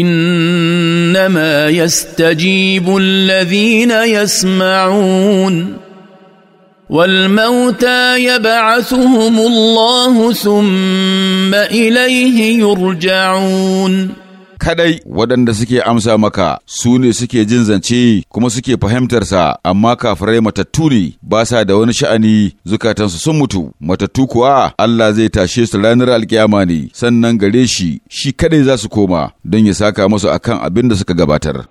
انما يستجيب الذين يسمعون والموتى يبعثهم الله ثم اليه يرجعون kadai waɗanda suke amsa maka su ne suke jin zance kuma suke fahimtarsa amma kafirai matattu ne ba sa da wani sha'ani zukatansu sun mutu matattu kuwa Allah zai tashe su ranar alkiyama ne sannan gare shi shi kadai za su koma don ya saka masu akan abin da suka gabatar